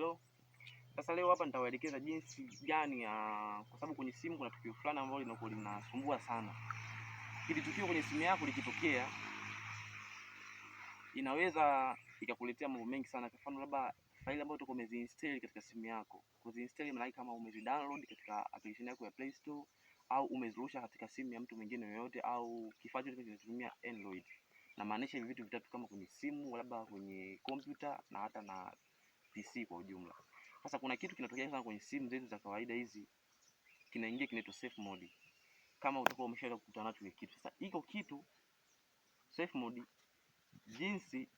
Hello. Sasa leo hapa nitawaelekeza jinsi gani ya kwa sababu kwenye simu kuna tukio fulani ambalo linakuwa linasumbua sana. Kile tukio kwenye simu yako likitokea inaweza ikakuletea mambo mengi sana. Kwa mfano, labda faili ambayo tuko umeziinstall katika simu yako. Kuziinstall maana kama umezidownload katika application yako ya Play Store au umezirusha katika simu ya mtu mwingine yoyote au kifaa chochote kinachotumia Android. Na maanisha hivi vitu vitatu kama kwenye simu, labda kwenye kompyuta na hata na PC kwa ujumla. Sasa kuna kitu kinatokea sana kwenye simu zetu za kawaida hizi, kinaingia kinaitwa safe mode, kama utakuwa umeshaweza kukutana nacho ile kitu. Sasa iko kitu safe mode, jinsi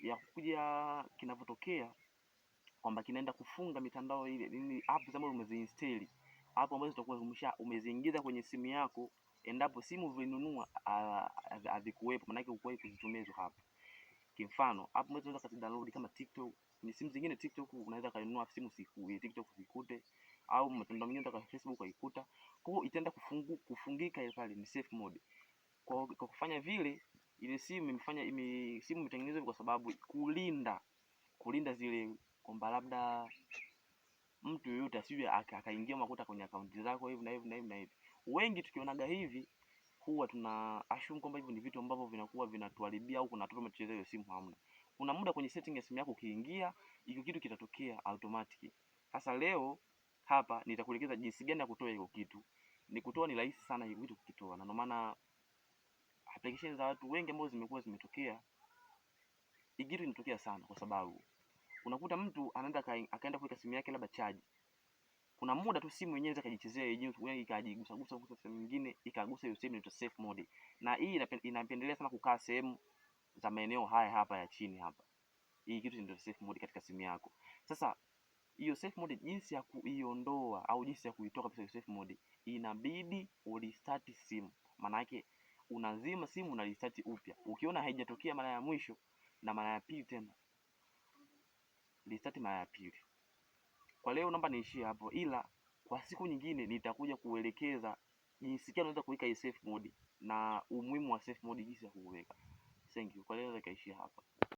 ya kuja kinavyotokea kwamba kinaenda kufunga mitandao ile, nini apps ambazo umeziinstall hapo, ambazo zitakuwa umesha umeziingiza kwenye simu yako, endapo simu ulinunua hazikuwepo, yake ukuwahi kuzitumia hizo hapo Kimfano, app mwezi unaweza kati download kama TikTok. Ni simu zingine TikTok unaweza kununua simu siku ya eh, TikTok usikute au mtandao mwingine unataka Facebook ukaikuta. Kwa hiyo itaenda kufungu, kufungika ile pale ni safe mode. Kwa, kwa kufanya vile ile simu imefanya ime, simu imetengenezwa kwa sababu kulinda kulinda zile kwamba labda mtu yoyote asije akaingia makuta kwenye akaunti zako hivi na hivi na hivi na hivi. Wengi tukionaga hivi huwa tuna assume kwamba hivyo ni vitu ambavyo vinakuwa vinatuharibia au kuna tutume tucheze hiyo simu hamna. Kuna muda kwenye setting ya simu yako ukiingia, hiyo kitu kitatokea automatic. Sasa leo hapa nitakuelekeza jinsi gani ya kutoa hiyo kitu. Ni kutoa ni rahisi sana hiyo kitu kukitoa. Na ndio maana application za watu wengi ambao zimekuwa zimetokea hii kitu inatokea sana kwa sababu unakuta mtu anaenda akaenda kuweka simu yake labda charge kuna muda tu simu yenyewe ikajichezea yenyewe, yaani ikajigusa gusa gusa sehemu nyingine, ikagusa hiyo sehemu inaitwa safe mode, na hii inapendelea sana kukaa sehemu za maeneo haya hapa ya chini hapa. Hii kitu ndio safe mode katika simu yako. Sasa hiyo safe mode, jinsi ya kuiondoa au jinsi ya kuitoa kabisa hiyo safe mode, inabidi urestart simu. Maana yake unazima simu na restart upya. Ukiona haijatokea mara ya mwisho na mara ya pili tena, restart mara ya pili. Kwa leo naomba niishie hapo, ila kwa siku nyingine nitakuja kuelekeza jinsi gani unaweza kuweka hii safe mode na umuhimu wa safe mode jinsi ya kuweka. Thank you. Kwa leo nikaishia hapa.